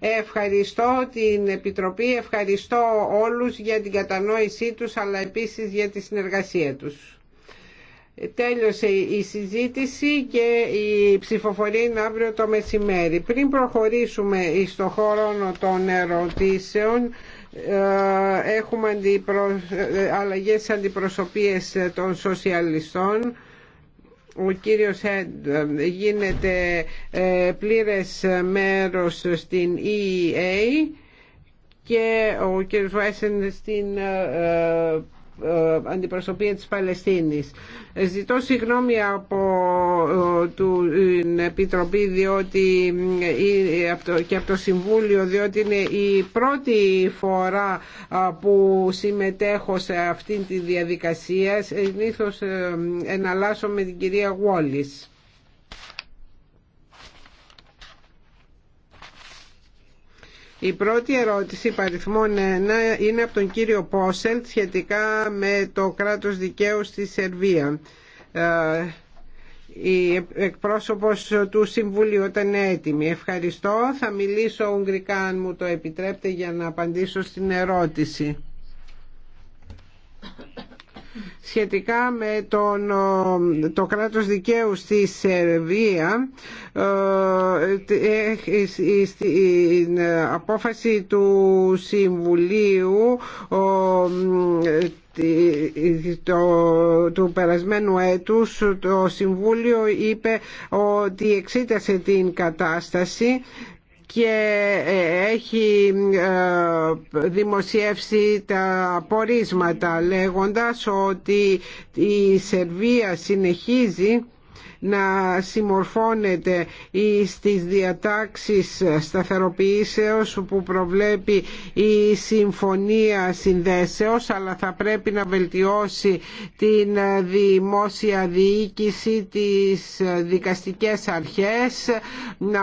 Ευχαριστώ την Επιτροπή, ευχαριστώ όλους για την κατανόησή τους αλλά επίσης για τη συνεργασία τους. Τέλειωσε η συζήτηση και η ψηφοφορία είναι αύριο το μεσημέρι. Πριν προχωρήσουμε στο χώρο των ερωτήσεων, ε, έχουμε ε, αλλαγές αντιπροσωπείες των σοσιαλιστών ο κύριος γίνεται ε, πλήρες μέρος στην EEA και ο κύριος Βάισεν στην ε, ε, ε, αντιπροσωπεία της Παλαιστίνης. Ε, ζητώ συγγνώμη από ε, την Επιτροπή και από το Συμβούλιο διότι είναι η πρώτη φορά που συμμετέχω σε αυτήν τη διαδικασία. Συνήθως εναλλάσσω με την κυρία Γουόλης. Η πρώτη ερώτηση παριθμών 1 είναι από τον κύριο Πόσελτ σχετικά με το κράτος δικαίου στη Σερβία. Ε, η εκπρόσωπος του Συμβουλίου ήταν έτοιμη. Ευχαριστώ. Θα μιλήσω ουγγρικά αν μου το επιτρέπετε για να απαντήσω στην ερώτηση σχετικά με τον, το κράτος δικαίου στη Σερβία ε, ε, ε, στην απόφαση του Συμβουλίου του περασμένου έτους το Συμβούλιο είπε ότι εξήτασε την κατάσταση και ε, έχει ε, δημοσιεύσει τα απορίσματα λέγοντας ότι η Σερβία συνεχίζει να συμμορφώνεται στις διατάξεις σταθεροποιήσεως που προβλέπει η Συμφωνία Συνδέσεως αλλά θα πρέπει να βελτιώσει την δημόσια διοίκηση, τις δικαστικές αρχές, να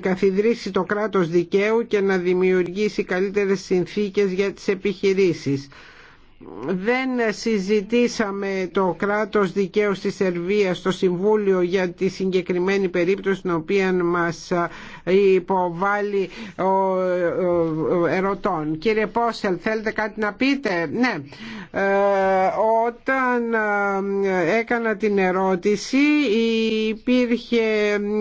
καθιδρύσει το κράτος δικαίου και να δημιουργήσει καλύτερες συνθήκες για τις επιχειρήσεις δεν συζητήσαμε το κράτος δικαίου στη Σερβία στο Συμβούλιο για τη συγκεκριμένη περίπτωση την οποία μας υποβάλλει ο ερωτών. Κύριε Πόσελ, θέλετε κάτι να πείτε. Ναι, ε, όταν ε, έκανα την ερώτηση υπήρχε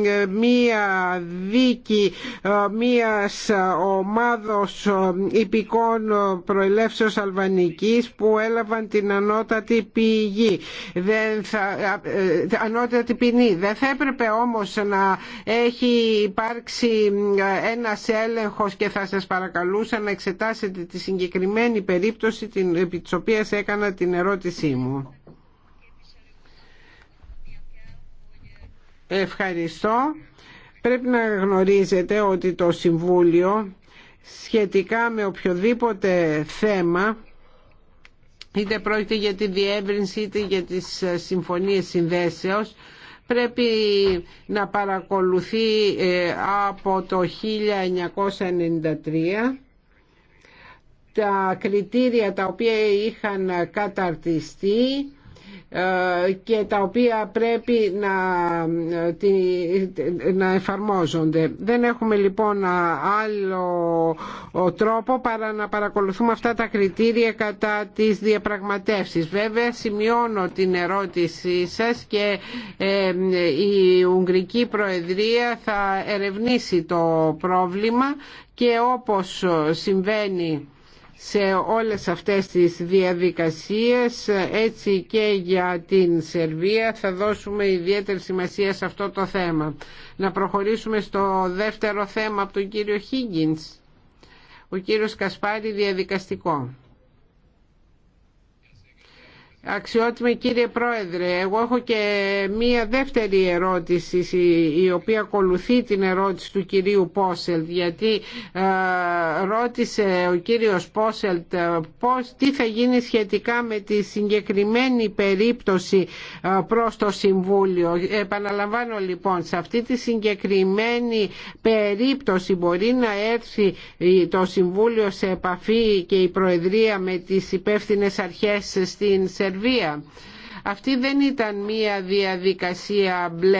ε, μία δίκη ε, μίας ομάδος υπηκών προελεύσεως Αλβανικής που έλαβαν την ανώτατη πηγή, δεν θα, ε, ανώτατη ποινή. Δεν θα έπρεπε όμως να έχει υπάρξει ε, ένας έλεγχος και θα σας παρακαλούσα να εξετάσετε τη συγκεκριμένη περίπτωση την, επί της οποίας έκανα την ερώτησή μου. Ευχαριστώ. Πρέπει να γνωρίζετε ότι το Συμβούλιο σχετικά με οποιοδήποτε θέμα είτε πρόκειται για τη διεύρυνση είτε για τις ε, συμφωνίες συνδέσεως πρέπει να παρακολουθεί ε, από το 1993 τα κριτήρια τα οποία είχαν καταρτιστεί και τα οποία πρέπει να, εφαρμόζονται. Δεν έχουμε λοιπόν άλλο τρόπο παρά να παρακολουθούμε αυτά τα κριτήρια κατά τις διαπραγματεύσεις. Βέβαια σημειώνω την ερώτησή σας και ε, η Ουγγρική Προεδρία θα ερευνήσει το πρόβλημα και όπως συμβαίνει σε όλες αυτές τις διαδικασίες έτσι και για την Σερβία θα δώσουμε ιδιαίτερη σημασία σε αυτό το θέμα. Να προχωρήσουμε στο δεύτερο θέμα από τον κύριο Χίγκινς, Ο κύριος Κασπάρη διαδικαστικό. Αξιότιμη κύριε Πρόεδρε, εγώ έχω και μία δεύτερη ερώτηση η οποία ακολουθεί την ερώτηση του κυρίου Πόσελτ γιατί ε, ρώτησε ο κύριος Πόσελτ ε, πώς, τι θα γίνει σχετικά με τη συγκεκριμένη περίπτωση ε, προς το Συμβούλιο. Επαναλαμβάνω λοιπόν, σε αυτή τη συγκεκριμένη περίπτωση μπορεί να έρθει το Συμβούλιο σε επαφή και η Προεδρία με τις υπεύθυνες αρχές στην αυτή δεν ήταν μία διαδικασία μπλε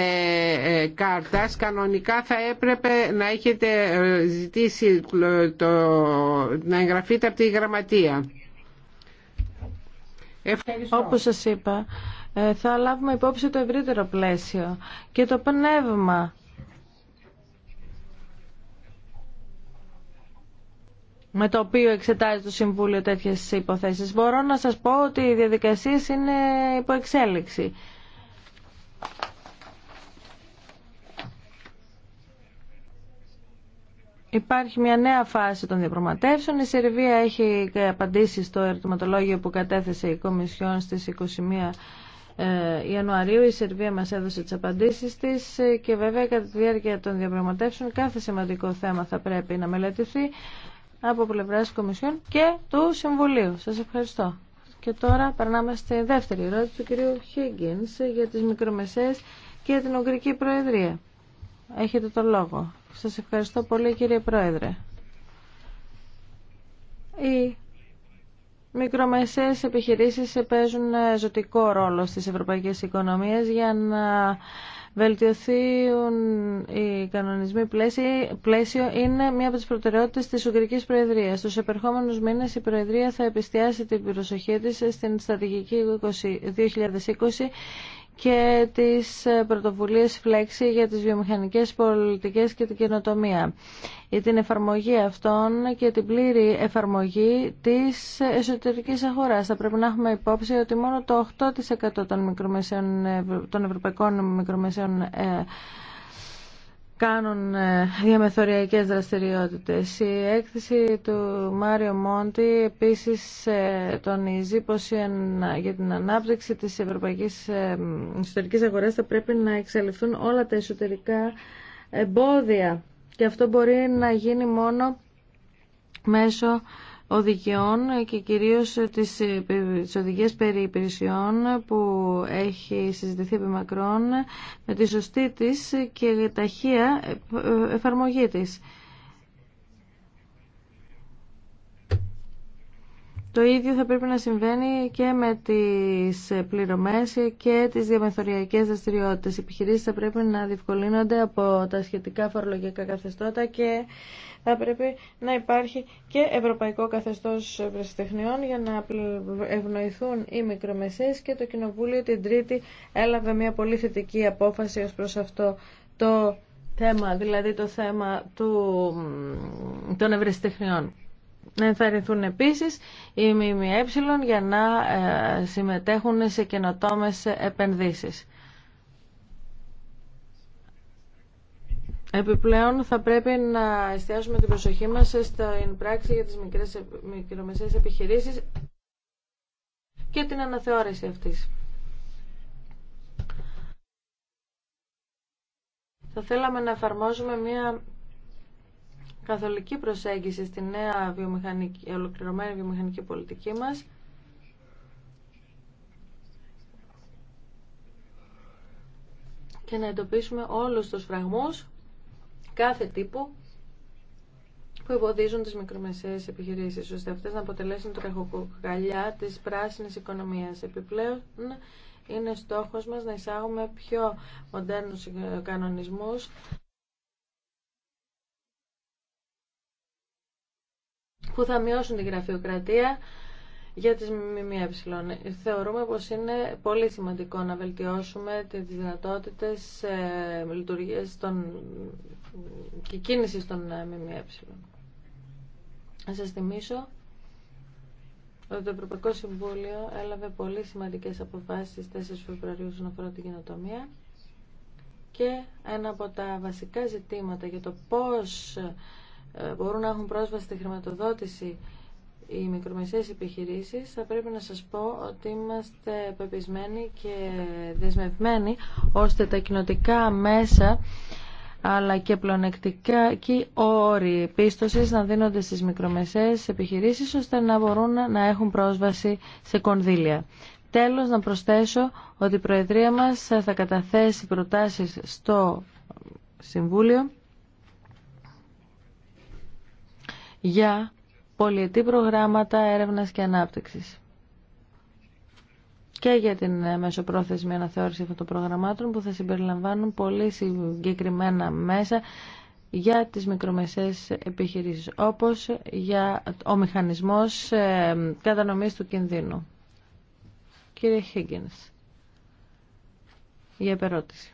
ε, κάρτας. Κανονικά θα έπρεπε να έχετε ε, ζητήσει ε, το, να εγγραφείτε από τη γραμματεία. Ευχαριστώ. Όπως σας είπα, θα λάβουμε υπόψη το ευρύτερο πλαίσιο και το πνεύμα με το οποίο εξετάζει το Συμβούλιο τέτοιε υποθέσει. Μπορώ να σας πω ότι οι διαδικασίε είναι υπό εξέλιξη. Υπάρχει μια νέα φάση των διαπραγματεύσεων. Η Σερβία έχει απαντήσει στο ερωτηματολόγιο που κατέθεσε η Κομισιόν στις 21 ε, Ιανουαρίου η Σερβία μας έδωσε τις απαντήσεις της ε, και βέβαια κατά τη διάρκεια των διαπραγματεύσεων κάθε σημαντικό θέμα θα πρέπει να μελετηθεί από πλευρά της Κομισιόν και του Συμβουλίου. Σας ευχαριστώ. Και τώρα περνάμε στη δεύτερη ερώτηση του κυρίου Χίγκιν για τις μικρομεσαίες και την Ουγγρική Προεδρία. Έχετε το λόγο. Σας ευχαριστώ πολύ κύριε Πρόεδρε. Οι μικρομεσαίες επιχειρήσεις παίζουν ζωτικό ρόλο στις ευρωπαϊκές οικονομίες για να βελτιωθούν οι κανονισμοί πλαίσιο είναι μία από τις προτεραιότητες της Ουγγρικής Προεδρίας. Στους επερχόμενους μήνες η Προεδρία θα επιστιάσει την προσοχή της στην στρατηγική 2020 και τις ε, πρωτοβουλίες φλέξη για τις βιομηχανικές πολιτικές και την καινοτομία για ε, την εφαρμογή αυτών και την πλήρη εφαρμογή της εσωτερικής αγοράς. Θα πρέπει να έχουμε υπόψη ότι μόνο το 8% των, των ευρωπαϊκών μικρομεσαίων ε, κάνουν ε, διαμεθοριακές δραστηριότητες. Η έκθεση του Μάριο Μόντι επίσης ε, τονίζει πως για την ανάπτυξη της ευρωπαϊκής ε, ιστορικής αγοράς θα πρέπει να εξαλειφθούν όλα τα εσωτερικά εμπόδια και αυτό μπορεί να γίνει μόνο μέσω οδηγιών και κυρίως τις, τις οδηγίες περί υπηρεσιών που έχει συζητηθεί επί μακρόν με τη σωστή της και ταχεία ε, εφαρμογή της. Το ίδιο θα πρέπει να συμβαίνει και με τις πληρωμές και τις διαμεθοριακές δραστηριότητες. Οι επιχειρήσεις θα πρέπει να διευκολύνονται από τα σχετικά φορολογικά καθεστώτα και θα πρέπει να υπάρχει και ευρωπαϊκό καθεστώς βρεσιτεχνιών για να ευνοηθούν οι μικρομεσαίες και το Κοινοβούλιο την Τρίτη έλαβε μια πολύ θετική απόφαση ως προς αυτό το θέμα, δηλαδή το θέμα του, των ευρεσιτεχνιών. Να ενθαρρυνθούν επίσης οι ΜΜΕ για να ε, συμμετέχουν σε καινοτόμες επενδύσεις. Επιπλέον θα πρέπει να εστιάσουμε την προσοχή μας στην πράξη για τις μικρές, μικρομεσαίες επιχειρήσεις και την αναθεώρηση αυτής. Θα θέλαμε να εφαρμόζουμε μια καθολική προσέγγιση στη νέα βιομηχανική, ολοκληρωμένη βιομηχανική πολιτική μας και να εντοπίσουμε όλους τους φραγμούς κάθε τύπου που εμποδίζουν τις μικρομεσαίες επιχειρήσεις, ώστε αυτές να αποτελέσουν τραχοκοκαλιά της πράσινης οικονομίας. Επιπλέον, είναι στόχος μας να εισάγουμε πιο μοντέρνους κανονισμούς που θα μειώσουν τη γραφειοκρατία για τις ΜΜΕ. Θεωρούμε πως είναι πολύ σημαντικό να βελτιώσουμε τις δυνατότητες ε, λειτουργίας των... και κίνησης των ε, ΜΜΕ. Να σας θυμίσω ότι το Ευρωπαϊκό Συμβούλιο έλαβε πολύ σημαντικές αποφάσεις 4 Φεβρουαρίου να αφορά την κοινοτομία και ένα από τα βασικά ζητήματα για το πώς ε, μπορούν να έχουν πρόσβαση στη χρηματοδότηση οι μικρομεσαίες επιχειρήσεις, θα πρέπει να σας πω ότι είμαστε πεπισμένοι και δεσμευμένοι ώστε τα κοινοτικά μέσα αλλά και πλονεκτικά και όροι πίστοση να δίνονται στις μικρομεσαίες επιχειρήσεις ώστε να μπορούν να έχουν πρόσβαση σε κονδύλια. Τέλος, να προσθέσω ότι η Προεδρία μας θα καταθέσει προτάσεις στο Συμβούλιο για πολιετή προγράμματα έρευνας και ανάπτυξης και για την ε, μεσοπρόθεσμη αναθεώρηση αυτών των προγραμμάτων που θα συμπεριλαμβάνουν πολύ συγκεκριμένα μέσα για τις μικρομεσαίες επιχειρήσεις, όπως για ο μηχανισμός ε, κατανομής του κινδύνου. Κύριε Higgins, για επερώτηση.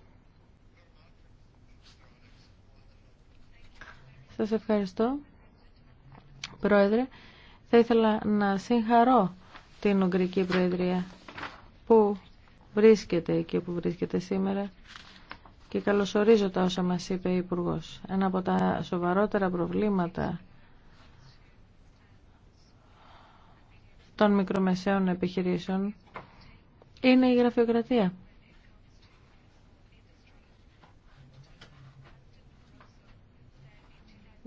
Σας ευχαριστώ. Πρόεδρε, θα ήθελα να συγχαρώ την Ουγγρική Προεδρία που βρίσκεται εκεί που βρίσκεται σήμερα και καλωσορίζω τα όσα μας είπε η υπουργό. Ένα από τα σοβαρότερα προβλήματα των μικρομεσαίων επιχειρήσεων είναι η γραφειοκρατία.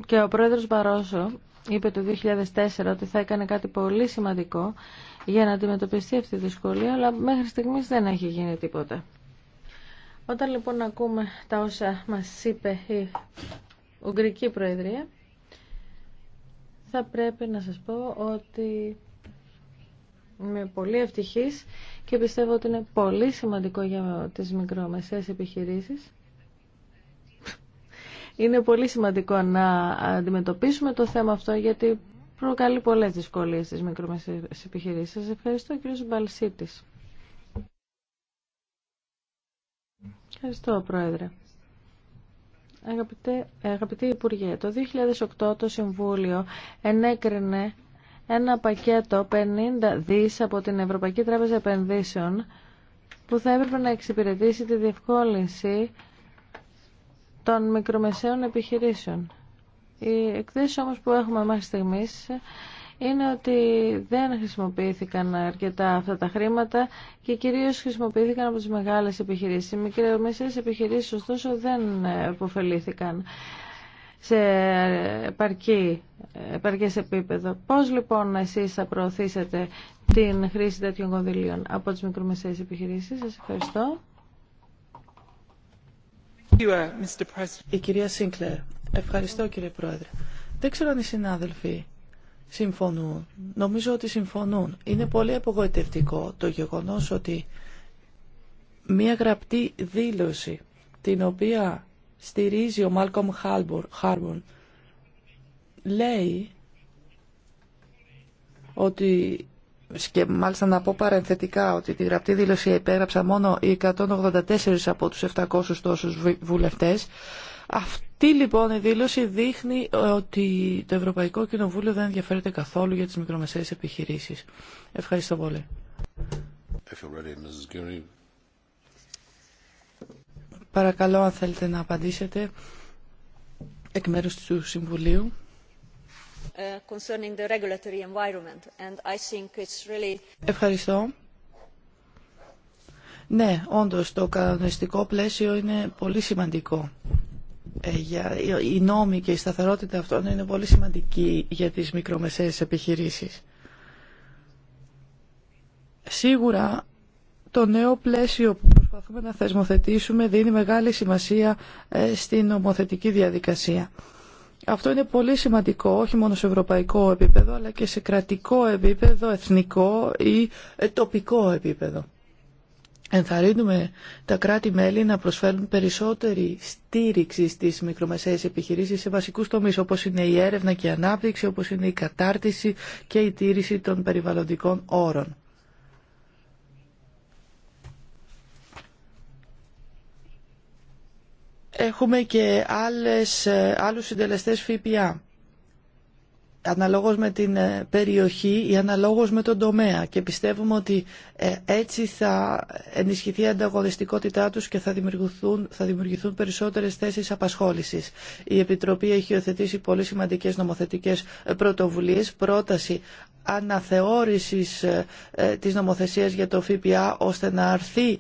Και ο πρόεδρος Μπαρόσο είπε το 2004 ότι θα έκανε κάτι πολύ σημαντικό για να αντιμετωπιστεί αυτή τη δυσκολία, αλλά μέχρι στιγμής δεν έχει γίνει τίποτα. Όταν λοιπόν ακούμε τα όσα μας είπε η Ουγγρική Προεδρία, θα πρέπει να σας πω ότι είμαι πολύ ευτυχής και πιστεύω ότι είναι πολύ σημαντικό για τις μικρομεσαίες επιχειρήσεις είναι πολύ σημαντικό να αντιμετωπίσουμε το θέμα αυτό γιατί προκαλεί πολλές δυσκολίες στις μικρομεσαίες επιχειρήσεις. Σας ευχαριστώ κύριο Μπαλσίτης. Ευχαριστώ Πρόεδρε. Αγαπητέ, αγαπητή Υπουργέ, το 2008 το Συμβούλιο ενέκρινε ένα πακέτο 50 δις από την Ευρωπαϊκή Τράπεζα Επενδύσεων που θα έπρεπε να εξυπηρετήσει τη διευκόλυνση των μικρομεσαίων επιχειρήσεων. Οι εκθέσει όμως που έχουμε μέχρι στιγμή είναι ότι δεν χρησιμοποιήθηκαν αρκετά αυτά τα χρήματα και κυρίως χρησιμοποιήθηκαν από τις μεγάλες επιχειρήσεις. Οι μικρομεσαίες επιχειρήσεις ωστόσο δεν επωφελήθηκαν σε επαρκή, επαρκές επίπεδο. Πώς λοιπόν εσείς θα προωθήσετε την χρήση τέτοιων κονδυλίων από τις μικρομεσαίες επιχειρήσεις. Σας ευχαριστώ. Uh, Η κυρία Σίνκλερ. Ευχαριστώ κύριε Πρόεδρε. Δεν ξέρω αν οι συνάδελφοι συμφωνούν. Νομίζω ότι συμφωνούν. Είναι πολύ απογοητευτικό το γεγονός ότι μία γραπτή δήλωση την οποία στηρίζει ο Μάλκομ Χάρμπορν λέει ότι και μάλιστα να πω παρενθετικά ότι τη γραπτή δήλωση υπέγραψα μόνο οι 184 από τους 700 τόσους βουλευτές. Αυτή λοιπόν η δήλωση δείχνει ε, ότι το Ευρωπαϊκό Κοινοβούλιο δεν ενδιαφέρεται καθόλου για τις μικρομεσαίες επιχειρήσεις. Ευχαριστώ πολύ. Παρακαλώ αν θέλετε να απαντήσετε εκ μέρους του Συμβουλίου. Uh, concerning the regulatory environment and I think really... Ευχαριστώ. Ναι, όντως το κανονιστικό πλαίσιο είναι πολύ σημαντικό. Ε, για, η και η σταθερότητα αυτών είναι πολύ σημαντική για τις μικρομεσαίες επιχειρήσεις. Σίγουρα το νέο πλαίσιο που προσπαθούμε να θεσμοθετήσουμε δίνει μεγάλη σημασία ε, στην νομοθετική διαδικασία. Αυτό είναι πολύ σημαντικό, όχι μόνο σε ευρωπαϊκό επίπεδο, αλλά και σε κρατικό επίπεδο, εθνικό ή ε, τοπικό επίπεδο. Ενθαρρύνουμε τα κράτη-μέλη να προσφέρουν περισσότερη στήριξη στις μικρομεσαίες επιχειρήσεις σε βασικούς τομείς όπως είναι η έρευνα και η ανάπτυξη, όπως είναι η κατάρτιση και η τήρηση των περιβαλλοντικών όρων. Έχουμε και άλλες, ε, άλλους συντελεστές ΦΠΑ αναλόγως με την ε, περιοχή ή αναλόγως με τον τομέα και πιστεύουμε ότι ε, έτσι θα ενισχυθεί η ανταγωνιστικότητά τους και θα δημιουργηθούν, θα δημιουργηθούν περισσότερες θέσεις απασχόλησης. Η Επιτροπή έχει υιοθετήσει πολύ σημαντικές νομοθετικές ε, πρωτοβουλίες, πρόταση αναθεώρησης της νομοθεσίας για το ΦΠΑ ώστε να αρθεί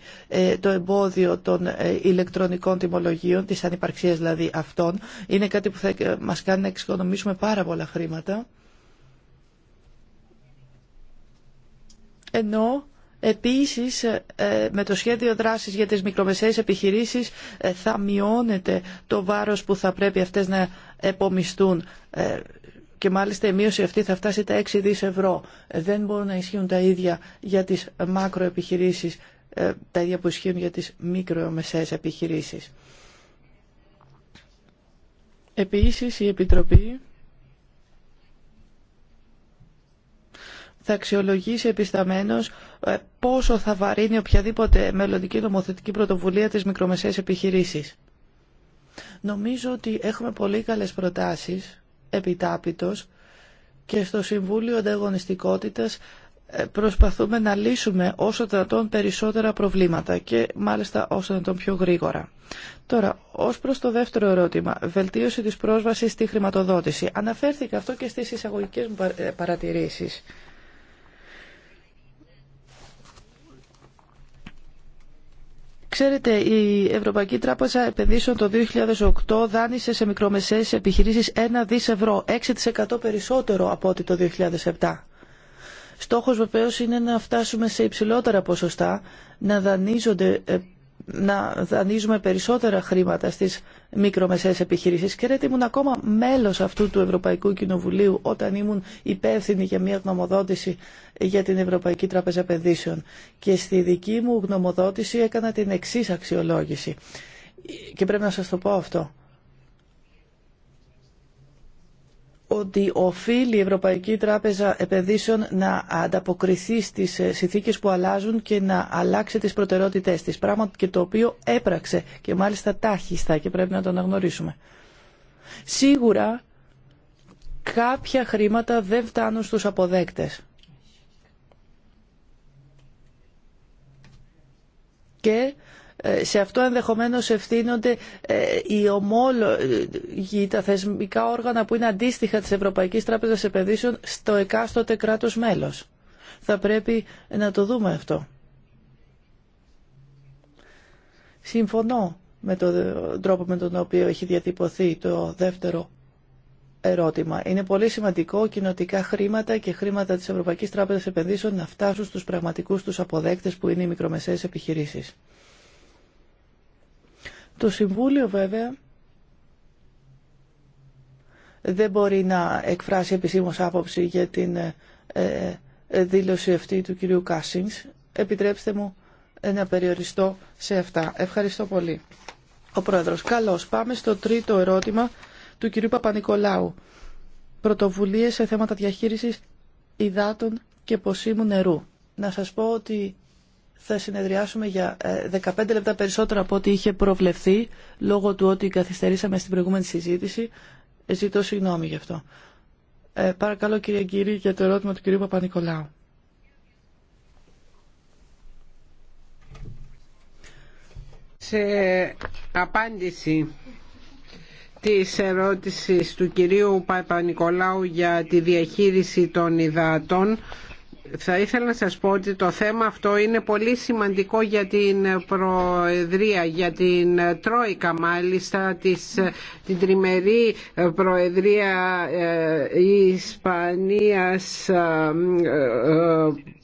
το εμπόδιο των ηλεκτρονικών τιμολογίων, της ανυπαρξίας δηλαδή αυτών. Είναι κάτι που θα μας κάνει να εξοικονομήσουμε πάρα πολλά χρήματα ενώ Επίσης, ε, με το σχέδιο δράσης για τις μικρομεσαίες επιχειρήσεις ε, θα μειώνεται το βάρος που θα πρέπει αυτές να επομιστούν ε, και μάλιστα η μείωση αυτή θα φτάσει τα 6 δις ευρώ. Δεν μπορούν να ισχύουν τα ίδια για τις μακροεπιχειρήσεις, τα ίδια που ισχύουν για τις μικρομεσαίες επιχειρήσεις. Επίσης, η Επιτροπή θα αξιολογήσει επισταμένως ε, πόσο θα βαρύνει οποιαδήποτε μελλοντική νομοθετική πρωτοβουλία της μικρομεσαίας επιχειρήσης. Νομίζω ότι έχουμε πολύ καλές προτάσεις επιτάπητος και στο Συμβούλιο Ανταγωνιστικότητας ε, προσπαθούμε να λύσουμε όσο δυνατόν περισσότερα προβλήματα και μάλιστα όσο δυνατόν πιο γρήγορα. Τώρα, ως προς το δεύτερο ερώτημα, βελτίωση της πρόσβασης στη χρηματοδότηση. Αναφέρθηκα αυτό και στις εισαγωγικές μου ε, παρατηρήσεις. Ξέρετε, η Ευρωπαϊκή Τράπεζα Επενδύσεων το 2008 δάνεισε σε μικρομεσαίες επιχειρήσεις 1 δις ευρώ, 6% περισσότερο από ό,τι το 2007. Στόχος βεβαίως είναι να φτάσουμε σε υψηλότερα ποσοστά, να δανείζονται ε, να δανείζουμε περισσότερα χρήματα στις μικρομεσαίες επιχειρήσεις. Και ήμουν ακόμα μέλος αυτού του Ευρωπαϊκού Κοινοβουλίου όταν ήμουν υπεύθυνη για μια γνωμοδότηση για την Ευρωπαϊκή Τράπεζα Επενδύσεων. Και στη δική μου γνωμοδότηση έκανα την εξή αξιολόγηση. Και πρέπει να σας το πω αυτό. ότι οφείλει η Ευρωπαϊκή Τράπεζα Επενδύσεων να ανταποκριθεί στις ε, συνθήκες που αλλάζουν και να αλλάξει τις προτεραιότητές της, πράγμα και το οποίο έπραξε και μάλιστα τάχιστα και πρέπει να το αναγνωρίσουμε. Σίγουρα κάποια χρήματα δεν φτάνουν στους αποδέκτες. Και ε, σε αυτό ενδεχομένως ευθύνονται ε, οι ομόλογοι, τα θεσμικά όργανα που είναι αντίστοιχα της Ευρωπαϊκής Τράπεζας Επενδύσεων στο εκάστοτε κράτος μέλος. Θα πρέπει να το δούμε αυτό. Συμφωνώ με τον τρόπο με τον οποίο έχει διατυπωθεί το δεύτερο ερώτημα. Είναι πολύ σημαντικό κοινοτικά χρήματα και χρήματα της Ευρωπαϊκής Τράπεζας Επενδύσεων να φτάσουν στους πραγματικούς τους αποδέκτες που είναι οι μικρομεσαίες επιχειρήσεις. Το Συμβούλιο βέβαια δεν μπορεί να εκφράσει επισήμως άποψη για την ε, ε, ε, δήλωση αυτή του κυρίου Κάσινγκς. Επιτρέψτε μου να περιοριστώ σε αυτά. Ευχαριστώ πολύ. Ο Πρόεδρος. Καλώς. Πάμε στο τρίτο ερώτημα του κυρίου Παπανικολάου. Πρωτοβουλίες σε θέματα διαχείρισης υδάτων και ποσίμου νερού. Να σας πω ότι θα συνεδριάσουμε για 15 ε, λεπτά περισσότερο από ό,τι είχε προβλεφθεί λόγω του ότι καθυστερήσαμε στην προηγούμενη συζήτηση. Ε, ζητώ συγγνώμη γι' αυτό. Ε, παρακαλώ κύριε κύριε για το ερώτημα του κυρίου Παπα-Νικολάου. Σε απάντηση της ερώτησης του κυρίου Παπα-Νικολάου για τη διαχείριση των υδάτων θα ήθελα να σας πω ότι το θέμα αυτό είναι πολύ σημαντικό για την Προεδρία, για την Τρόικα μάλιστα, της, την τριμερή Προεδρία ε, Ισπανίας ε, ε,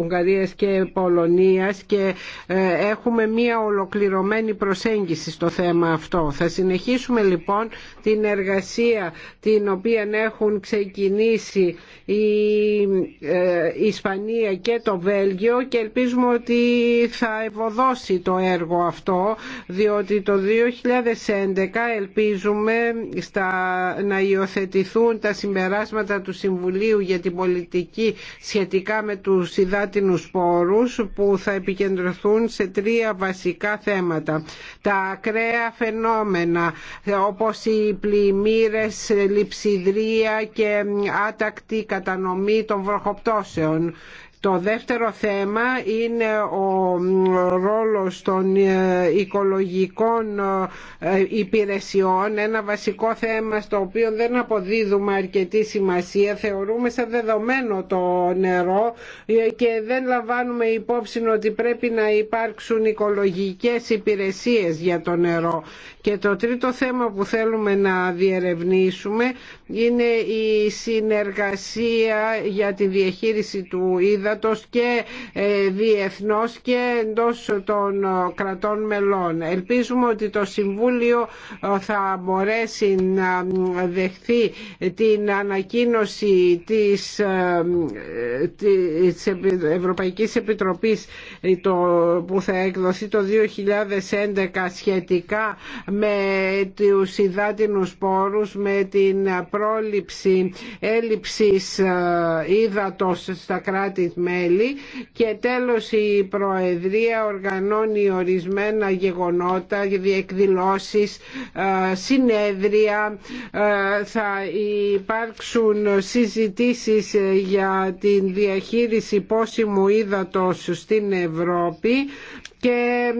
Ουγγαρίας και Πολωνίας και ε, έχουμε μία ολοκληρωμένη προσέγγιση στο θέμα αυτό. Θα συνεχίσουμε λοιπόν την εργασία την οποία έχουν ξεκινήσει η ε, Ισπανία και το Βέλγιο και ελπίζουμε ότι θα ευωδώσει το έργο αυτό διότι το 2011 ελπίζουμε στα, να υιοθετηθούν τα συμπεράσματα του Συμβουλίου για την πολιτική σχετικά με τους την πόρους που θα επικεντρωθούν σε τρία βασικά θέματα. Τα ακραία φαινόμενα όπως οι πλημμύρες, λειψιδρία και άτακτη κατανομή των βροχοπτώσεων το δεύτερο θέμα είναι ο ρόλος των ε, οικολογικών ε, υπηρεσιών, ένα βασικό θέμα στο οποίο δεν αποδίδουμε αρκετή σημασία, θεωρούμε σαν δεδομένο το νερό ε, και δεν λαμβάνουμε υπόψη ότι πρέπει να υπάρξουν οικολογικές υπηρεσίες για το νερό. Και το τρίτο θέμα που θέλουμε να διερευνήσουμε είναι η συνεργασία για τη διαχείριση του ίδα ύδατος και ε, διεθνώς και εντός των ε, κρατών μελών. Ελπίζουμε ότι το Συμβούλιο ε, θα μπορέσει να δεχθεί την ανακοίνωση της, της Ευρωπαϊκής Επιτροπής το, που θα εκδοθεί το 2011 σχετικά με τους υδάτινους πόρους, με την πρόληψη έλλειψης ύδατος στα κράτη μέλη και τέλος η Προεδρία οργανώνει ορισμένα γεγονότα, διεκδηλώσεις, ε, συνέδρια, ε, θα υπάρξουν συζητήσεις ε, για την διαχείριση πόσιμου ύδατος στην Ευρώπη και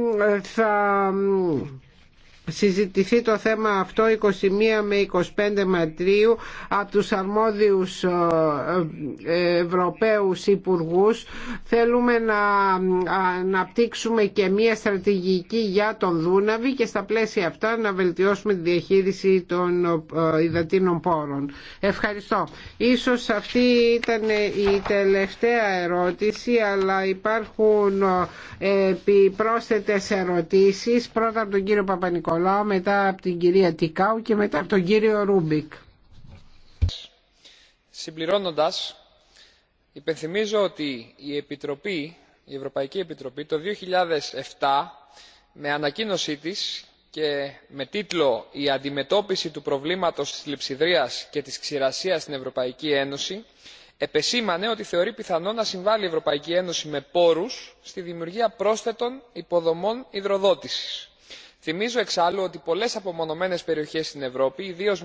θα συζητηθεί το θέμα αυτό 21 με 25 Μαρτίου από τους αρμόδιους ε, ε, Ευρωπαίους Υπουργούς θέλουμε να ε, αναπτύξουμε και μία στρατηγική για τον Δούναβη και στα πλαίσια αυτά να βελτιώσουμε τη διαχείριση των υδατίνων πόρων. Ευχαριστώ. Ίσως αυτή ήταν η τελευταία ερώτηση αλλά υπάρχουν επιπρόσθετες ερωτήσεις πρώτα από τον κύριο Παπανικό μετά από την κυρία Τικάου και μετά τον κύριο Ρούμπικ. Συμπληρώνοντας, υπενθυμίζω ότι η, Επιτροπή, η Ευρωπαϊκή Επιτροπή το 2007 με ανακοίνωσή της και με τίτλο «Η αντιμετώπιση του προβλήματος της λειψιδρίας και της ξηρασίας στην Ευρωπαϊκή Ένωση» επεσήμανε ότι θεωρεί πιθανό να συμβάλλει η Ευρωπαϊκή Ένωση με πόρους στη δημιουργία πρόσθετων υποδομών υδροδότησης θυμίζω εξάλλου ότι πολλές απομονωμένες περιοχές στην ευρώπη ιδίως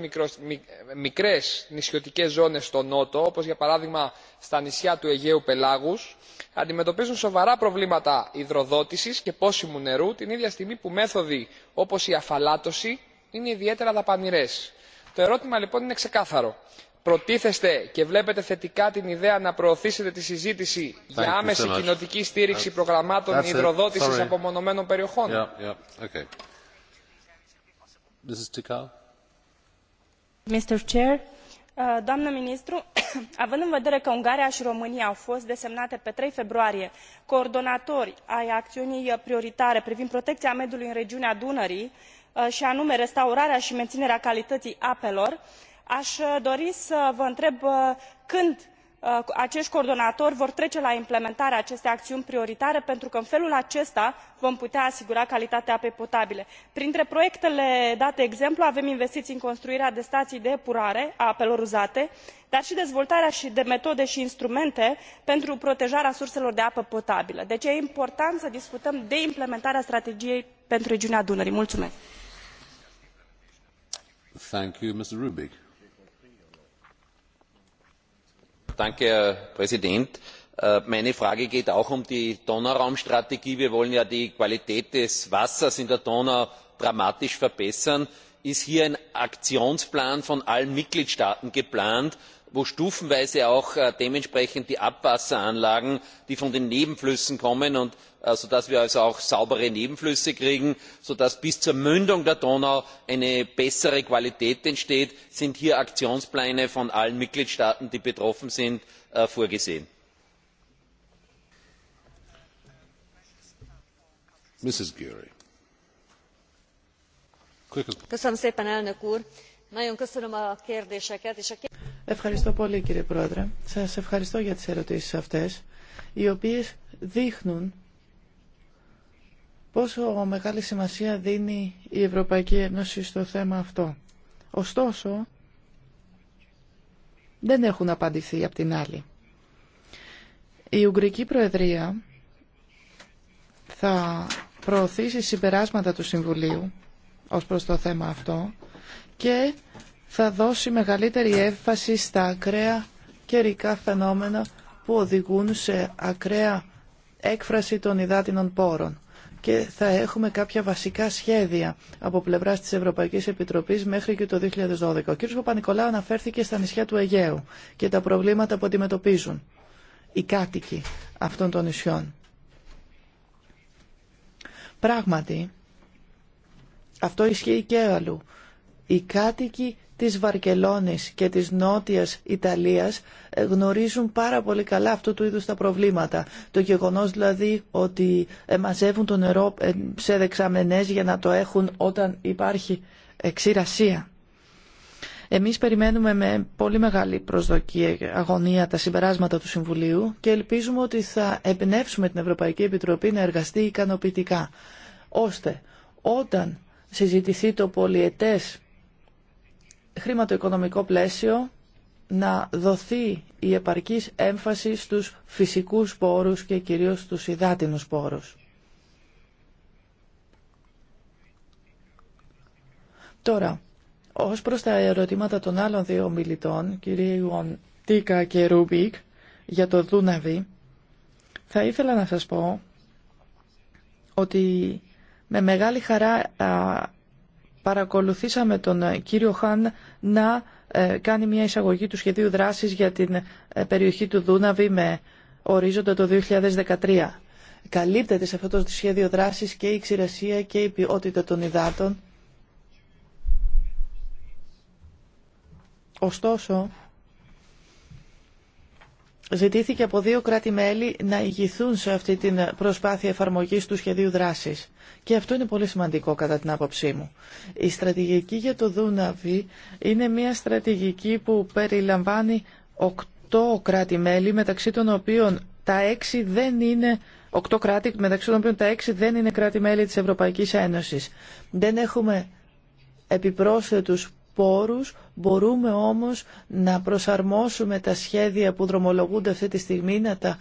μικρές νησιωτικές ζώνες στο νότο όπως για παράδειγμα στα νησιά του αιγαίου πελάγους αντιμετωπίζουν σοβαρά προβλήματα υδροδότησης και πόσιμου νερού την ίδια στιγμή που μέθοδοι όπως η αφαλάτωση είναι ιδιαίτερα δαπανηρές. το ερώτημα λοιπόν είναι ξεκάθαρο προτίθεστε και βλέπετε θετικά την ιδέα να προωθήσετε τη συζήτηση για άμεση κοινοτική στήριξη προγραμμάτων υδροδότησης απομονωμένων περιοχών. Doamnă ministru, având în vedere că Ungaria și România au fost desemnate pe 3 februarie coordonatori ai acțiunii prioritare privind protecția mediului în regiunea Dunării, și anume restaurarea și menținerea calității apelor, a dori să vă întreb când aceti coordonatori vor trece la implementarea acestei aciuni prioritare pentru că în felul acesta vom putea asigura calitatea apei potabile. printre proiectele date exemplu avem investiii în construirea de staii de epurare a apelor uzate dar i dezvoltarea de metode i instrumente pentru protejarea surselor de apă potabilă deci este important să discutăm de implementarea strategiei pentru regiunea dunării. herr präsident! meine frage geht auch um die donauraumstrategie. wir wollen ja die qualität des wassers in der donau dramatisch verbessern. ist hier ein aktionsplan von allen mitgliedstaaten geplant? wo stufenweise auch dementsprechend die abwasseranlagen die von den nebenflüssen kommen so dass wir also auch saubere nebenflüsse kriegen sodass bis zur mündung der donau eine bessere qualität entsteht sind hier aktionspläne von allen mitgliedstaaten die betroffen sind vorgesehen. Ευχαριστώ πολύ κύριε Πρόεδρε. Σας ευχαριστώ για τις ερωτήσεις αυτές, οι οποίες δείχνουν πόσο μεγάλη σημασία δίνει η Ευρωπαϊκή Ένωση στο θέμα αυτό. Ωστόσο, δεν έχουν απαντηθεί από την άλλη. Η Ουγγρική Προεδρία θα προωθήσει συμπεράσματα του Συμβουλίου ως προς το θέμα αυτό και θα δώσει μεγαλύτερη έμφαση στα ακραία καιρικά φαινόμενα που οδηγούν σε ακραία έκφραση των υδάτινων πόρων και θα έχουμε κάποια βασικά σχέδια από πλευρά τη Ευρωπαϊκή Επιτροπή μέχρι και το 2012. Ο κ. Παπα-Νικολάου αναφέρθηκε στα νησιά του Αιγαίου και τα προβλήματα που αντιμετωπίζουν οι κάτοικοι αυτών των νησιών. Πράγματι, αυτό ισχύει και αλλού. Οι κάτοικοι της Βαρκελόνης και της Νότιας Ιταλίας γνωρίζουν πάρα πολύ καλά αυτού του είδους τα προβλήματα. Το γεγονός δηλαδή ότι ε, μαζεύουν το νερό ε, σε δεξαμενές για να το έχουν όταν υπάρχει εξηρασία. Εμείς περιμένουμε με πολύ μεγάλη προσδοκία αγωνία τα συμπεράσματα του Συμβουλίου και ελπίζουμε ότι θα εμπνεύσουμε την Ευρωπαϊκή Επιτροπή να εργαστεί ικανοποιητικά, ώστε όταν συζητηθεί το πολιετές χρηματοοικονομικό πλαίσιο να δοθεί η επαρκής έμφαση στους φυσικούς πόρους και κυρίως στους υδάτινους πόρους. Τώρα, ως προς τα ερωτήματα των άλλων δύο μιλητών, κυρίων Τίκα και Ρούμπικ, για το Δούναβι, θα ήθελα να σας πω ότι με μεγάλη χαρά παρακολουθήσαμε τον ε, κύριο Χάν να ε, κάνει μια εισαγωγή του σχεδίου δράσης για την ε, περιοχή του Δούναβη με ορίζοντα το 2013. Καλύπτεται σε αυτό το σχέδιο δράσης και η ξηρασία και η ποιότητα των υδάτων. Ωστόσο, ζητήθηκε από δύο κράτη-μέλη να ηγηθούν σε αυτή την προσπάθεια εφαρμογή του σχεδίου δράσης. Και αυτό είναι πολύ σημαντικό κατά την άποψή μου. Η στρατηγική για το Δούναβι είναι μια στρατηγική που περιλαμβάνει οκτώ κράτη-μέλη, μεταξύ των οποίων τα έξι δεν είναι οκτώ κράτη, μεταξύ των οποίων τα έξι δεν είναι κράτη-μέλη της Ευρωπαϊκής Ένωσης. Δεν έχουμε επιπρόσθετους πόρους, μπορούμε όμως να προσαρμόσουμε τα σχέδια που δρομολογούνται αυτή τη στιγμή, να τα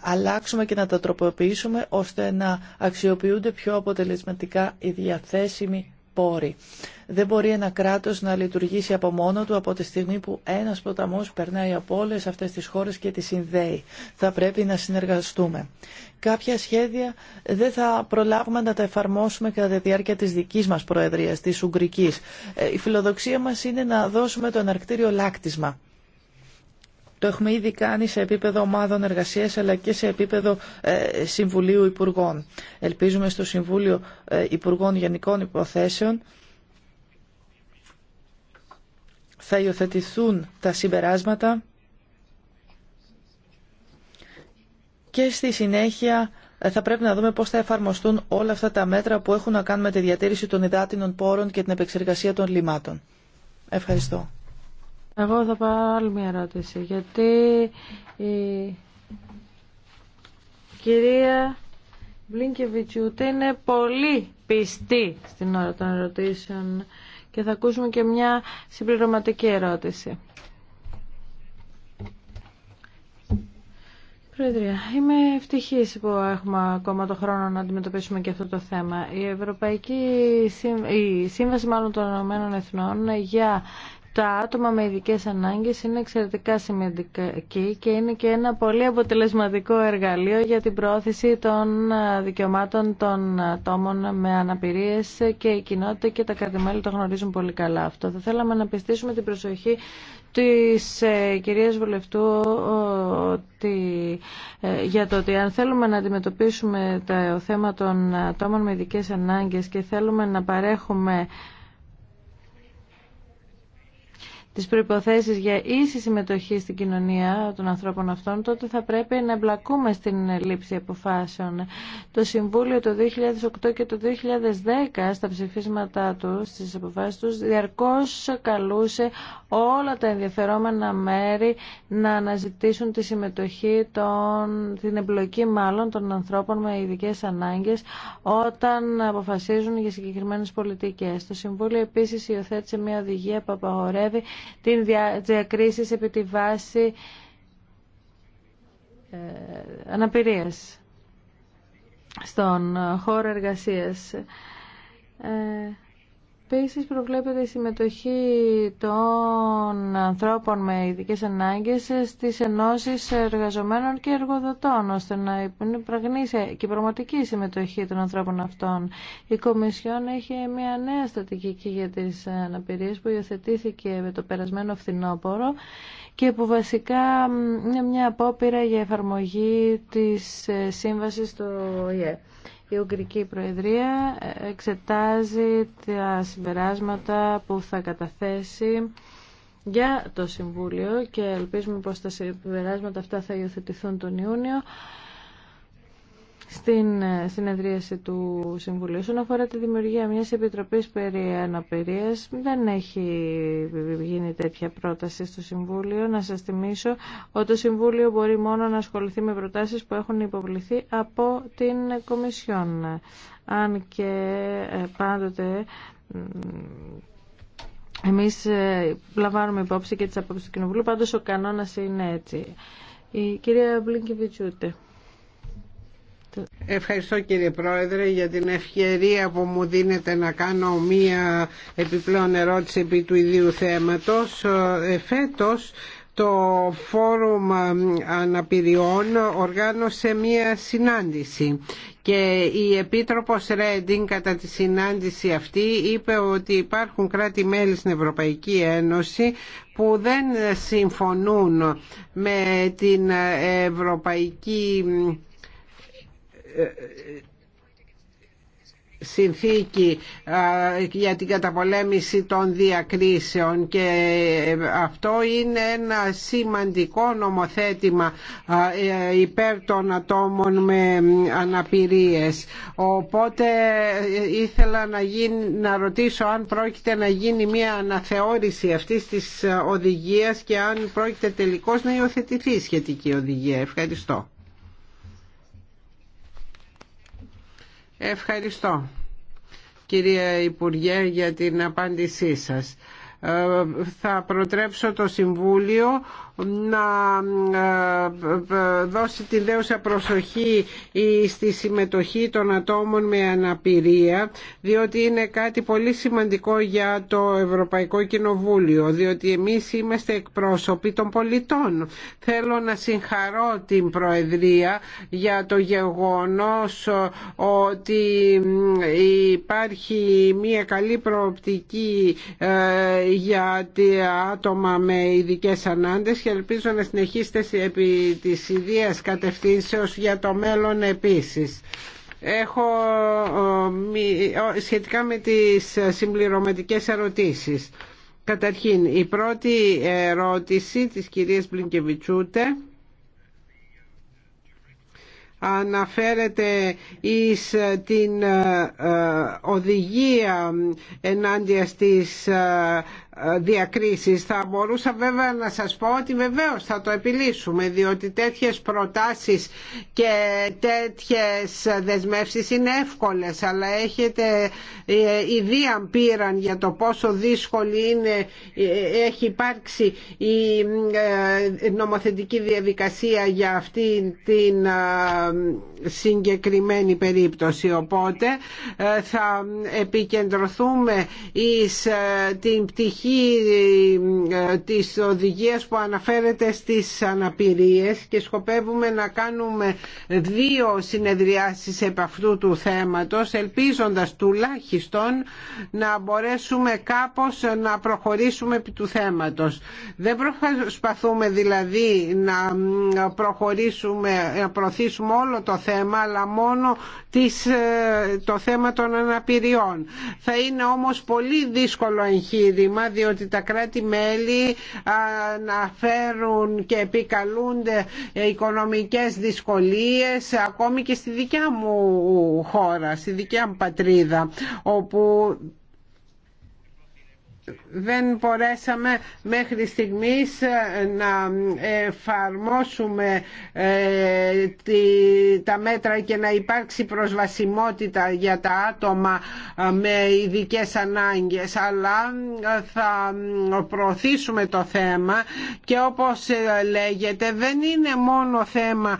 αλλάξουμε και να τα τροποποιήσουμε ώστε να αξιοποιούνται πιο αποτελεσματικά οι διαθέσιμοι δεν μπορεί ένα κράτος να λειτουργήσει από μόνο του από τη στιγμή που ένας ποταμό περνάει από όλε αυτές τις χώρες και τι συνδέει. Θα πρέπει να συνεργαστούμε. Κάποια σχέδια δεν θα προλάβουμε να τα εφαρμόσουμε κατά τη διάρκεια της δικής μας Προεδρίας, τη Ουγγρική. Ε, η φιλοδοξία μας είναι να δώσουμε το αναρκτήριο λάκτισμα το έχουμε ήδη κάνει σε επίπεδο ομάδων εργασίας αλλά και σε επίπεδο ε, Συμβουλίου Υπουργών. Ελπίζουμε στο Συμβούλιο ε, Υπουργών Γενικών Υποθέσεων θα υιοθετηθούν τα συμπεράσματα και στη συνέχεια ε, θα πρέπει να δούμε πώς θα εφαρμοστούν όλα αυτά τα μέτρα που έχουν να κάνουν με τη διατήρηση των υδάτινων πόρων και την επεξεργασία των λιμάτων. Ευχαριστώ. Εγώ θα πάω άλλη μια ερώτηση. Γιατί η κυρία ούτε είναι πολύ πιστή στην ώρα των ερωτήσεων και θα ακούσουμε και μια συμπληρωματική ερώτηση. Πρόεδρε, είμαι ευτυχής που έχουμε ακόμα το χρόνο να αντιμετωπίσουμε και αυτό το θέμα. Η Ευρωπαϊκή η Σύμβαση μάλλον των Ηνωμένων Εθνών για τα άτομα με ειδικές ανάγκες είναι εξαιρετικά σημαντική και είναι και ένα πολύ αποτελεσματικό εργαλείο για την προώθηση των ε, δικαιωμάτων των ατόμων με αναπηρίες και η κοινότητα και τα κρατημέλη το γνωρίζουν πολύ καλά αυτό. Θα θέλαμε να πιστήσουμε την προσοχή της ε, κυρία Βουλευτού ότι, ε, για το ότι αν θέλουμε να αντιμετωπίσουμε το θέμα των ατόμων με ειδικέ ανάγκε και θέλουμε να παρέχουμε τις προϋποθέσεις για ίση συμμετοχή στην κοινωνία των ανθρώπων αυτών, τότε θα πρέπει να εμπλακούμε στην λήψη αποφάσεων. Το Συμβούλιο το 2008 και το 2010 στα ψηφίσματά του, στις αποφάσεις τους, διαρκώς καλούσε όλα τα ενδιαφερόμενα μέρη να αναζητήσουν τη συμμετοχή, των, την εμπλοκή μάλλον των ανθρώπων με ειδικέ ανάγκες όταν αποφασίζουν για συγκεκριμένες πολιτικές. Το Συμβούλιο επίσης υιοθέτησε μια οδηγία που απαγορεύει την διακρίση επί τη βάση ε, αναπηρίας στον χώρο εργασίας. Ε, Επίση προβλέπεται η συμμετοχή των ανθρώπων με ειδικέ ανάγκε στι ενώσει εργαζομένων και εργοδοτών, ώστε να είναι και πραγματική συμμετοχή των ανθρώπων αυτών. Η Κομισιόν έχει μια νέα στατικική για τι αναπηρίε που υιοθετήθηκε με το περασμένο φθινόπωρο και που βασικά είναι μια απόπειρα για εφαρμογή της ε, σύμβασης του ΟΗΕ η Ουγγρική Προεδρία εξετάζει τα συμπεράσματα που θα καταθέσει για το Συμβούλιο και ελπίζουμε πως τα συμπεράσματα αυτά θα υιοθετηθούν τον Ιούνιο στην ε, συνεδρίαση του Συμβουλίου. Όσον αφορά τη δημιουργία μιας επιτροπής περί δεν έχει γίνει τέτοια πρόταση στο Συμβούλιο. Να σα θυμίσω ότι το Συμβούλιο μπορεί μόνο να ασχοληθεί με προτάσει που έχουν υποβληθεί από την Κομισιόν. Αν και ε, πάντοτε εμείς ε, λαμβάνουμε υπόψη και τις απόψεις του Κοινοβουλίου, πάντως ο κανόνας είναι έτσι. Η κυρία Μπλίνκεβιτσούτε. Ευχαριστώ κύριε Πρόεδρε για την ευκαιρία που μου δίνετε να κάνω μία επιπλέον ερώτηση επί του ιδίου θέματος. Ε, φέτος το Φόρουμ ε, Αναπηριών οργάνωσε μία συνάντηση και η Επίτροπος Ρέντιν κατά τη συνάντηση αυτή είπε ότι υπάρχουν κράτη-μέλη στην Ευρωπαϊκή Ένωση που δεν συμφωνούν με την Ευρωπαϊκή συνθήκη για την καταπολέμηση των διακρίσεων και ε, αυτό είναι ένα σημαντικό νομοθέτημα ε, υπέρ των ατόμων με αναπηρίες. Οπότε ε, ήθελα να, γίνει, να ρωτήσω αν πρόκειται να γίνει μια αναθεώρηση αυτής της οδηγίας και αν πρόκειται τελικώς να υιοθετηθεί σχετική οδηγία. Ευχαριστώ. Ευχαριστώ κυρία Υπουργέ για την απάντησή σας. Ε, θα προτρέψω το Συμβούλιο να ε, ε, δώσει την δέουσα προσοχή στη συμμετοχή των ατόμων με αναπηρία διότι είναι κάτι πολύ σημαντικό για το Ευρωπαϊκό Κοινοβούλιο διότι εμείς είμαστε εκπρόσωποι των πολιτών. Θέλω να συγχαρώ την Προεδρία για το γεγονός ότι ε, υπάρχει μια καλή προοπτική για τα άτομα με ειδικές ανάγκες και ελπίζω να συνεχίσετε επί της ιδίας κατευθύνσεως για το μέλλον επίσης. Έχω σχετικά με τις συμπληρωματικές ερωτήσεις. Καταρχήν, η πρώτη ερώτηση της κυρίας Μπλινκεβιτσούτε αναφέρεται εις την ε, ε, οδηγία ενάντια στις ε, διακρίσεις. Θα μπορούσα βέβαια να σας πω ότι βεβαίως θα το επιλύσουμε διότι τέτοιες προτάσεις και τέτοιες δεσμεύσεις είναι εύκολες αλλά έχετε ε, ιδία πήραν για το πόσο δύσκολη είναι, ε, έχει υπάρξει η ε, νομοθετική διαδικασία για αυτή την συγκεκριμένη περίπτωση οπότε θα επικεντρωθούμε εις την πτυχή αρχή ε, της οδηγίας που αναφέρεται στις αναπηρίες και σκοπεύουμε να κάνουμε δύο συνεδριάσεις επ' αυτού του θέματος ελπίζοντας τουλάχιστον να μπορέσουμε κάπως να προχωρήσουμε επί του θέματος. Δεν προσπαθούμε δηλαδή να προχωρήσουμε, να προωθήσουμε όλο το θέμα αλλά μόνο ε, το θέμα των αναπηριών. Θα είναι όμως πολύ δύσκολο εγχείρημα διότι τα κράτη-μέλη αναφέρουν και επικαλούνται οικονομικές δυσκολίες ακόμη και στη δικιά μου χώρα, στη δικιά μου πατρίδα όπου δεν μπορέσαμε μέχρι στιγμής ε, να εφαρμόσουμε ε, τα μέτρα και να υπάρξει προσβασιμότητα για τα άτομα ε, με ειδικέ ανάγκες αλλά θα προωθήσουμε το θέμα και όπως λέγεται δεν είναι μόνο θέμα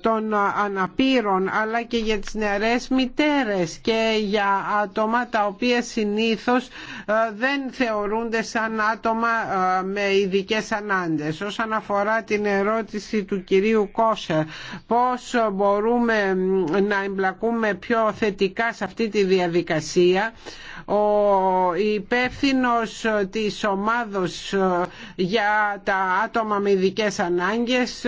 των αναπήρων αλλά και για τις νεαρές μητέρες και για άτομα τα οποία συνήθως δεν θεωρούνται σαν άτομα με ειδικέ ανάγκες. Όσον αφορά την ερώτηση του κυρίου Κόσα, πώς μπορούμε να εμπλακούμε πιο θετικά σε αυτή τη διαδικασία, ο υπεύθυνο της ομάδος για τα άτομα με ειδικέ ανάγκες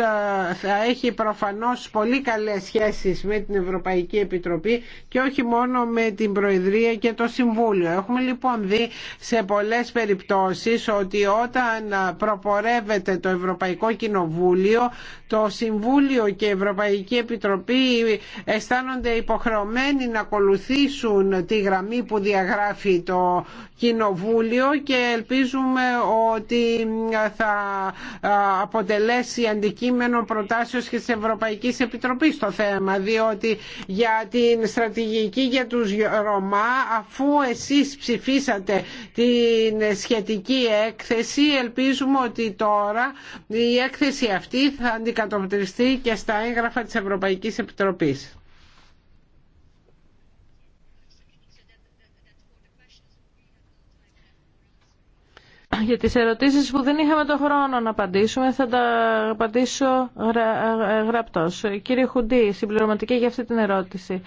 θα έχει προφανώς πολύ καλές σχέσεις με την Ευρωπαϊκή Επιτροπή και όχι μόνο με την Προεδρία και το Συμβούλιο. Έχουμε λοιπόν δει σε πολλές περιπτώσεις ότι όταν προπορεύεται το Ευρωπαϊκό Κοινοβούλιο το Συμβούλιο και η Ευρωπαϊκή Επιτροπή αισθάνονται υποχρεωμένοι να ακολουθήσουν τη γραμμή που διαγράφει το Κοινοβούλιο και ελπίζουμε ότι θα αποτελέσει αντικείμενο προτάσεως και της Ευρωπαϊκής Επιτροπής το θέμα διότι για την στρατηγική για τους Ρωμά αφού εσείς ψηφίσατε την σχετική έκθεση. Ελπίζουμε ότι τώρα η έκθεση αυτή θα αντικατοπτριστεί και στα έγγραφα της Ευρωπαϊκής Επιτροπής. Για τις ερωτήσεις που δεν είχαμε το χρόνο να απαντήσουμε θα τα απαντήσω γρα, γραπτός. Κύριε Χουντή, συμπληρωματική για αυτή την ερώτηση.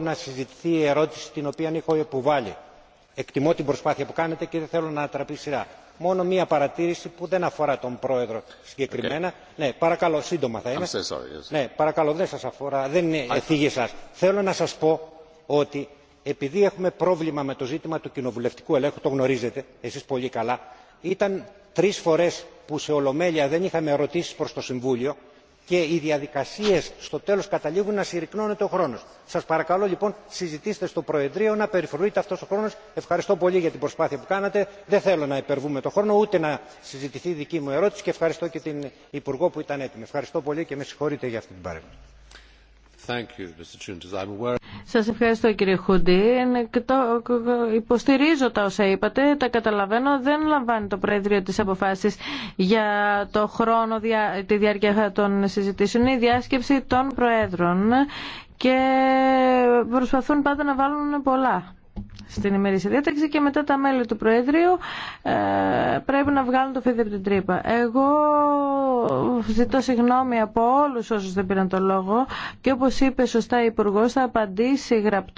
Να συζητηθεί η ερώτηση την οποία έχω υποβάλει εκτιμώ την προσπάθεια που κάνετε και δεν θέλω να ανατραπεί η σειρά. μόνο μία παρατήρηση που δεν αφορά τον πρόεδρο συγκεκριμένα ναι παρακαλώ σύντομα θα είμαι ναι παρακαλώ δεν σας αφορά δεν είναι ευθύγη σας. θέλω να σας πω ότι επειδή έχουμε πρόβλημα με το ζήτημα του κοινοβουλευτικού ελέγχου το γνωρίζετε εσεί πολύ καλά ήταν τρει φορέ που σε ολομέλεια δεν είχαμε ερωτήσει προ το συμβούλιο και οι διαδικασίε στο τέλο καταλήγουν να συρρυκνώνεται ο χρόνο. Σα παρακαλώ λοιπόν συζητήστε στο Προεδρείο να περιφρουρείται αυτό ο χρόνο. Ευχαριστώ πολύ για την προσπάθεια που κάνατε. Δεν θέλω να υπερβούμε το χρόνο ούτε να συζητηθεί η δική μου ερώτηση και ευχαριστώ και την Υπουργό που ήταν έτοιμη. Ευχαριστώ πολύ και με συγχωρείτε για αυτή την παρέμβαση. Σας ευχαριστώ κύριε Χούντι. Υποστηρίζω τα όσα είπατε, τα καταλαβαίνω. Δεν λαμβάνει το Προεδρείο τις αποφάσεις για το χρόνο, τη διάρκεια των συζητήσεων. η διάσκεψη των Προέδρων και προσπαθούν πάντα να βάλουν πολλά στην ημερήσια διάταξη και μετά τα μέλη του Προεδρείου ε, πρέπει να βγάλουν το φίδι από την τρύπα. Εγώ ζητώ συγγνώμη από όλους όσους δεν πήραν το λόγο και όπως είπε σωστά η Υπουργός θα απαντήσει γραπτό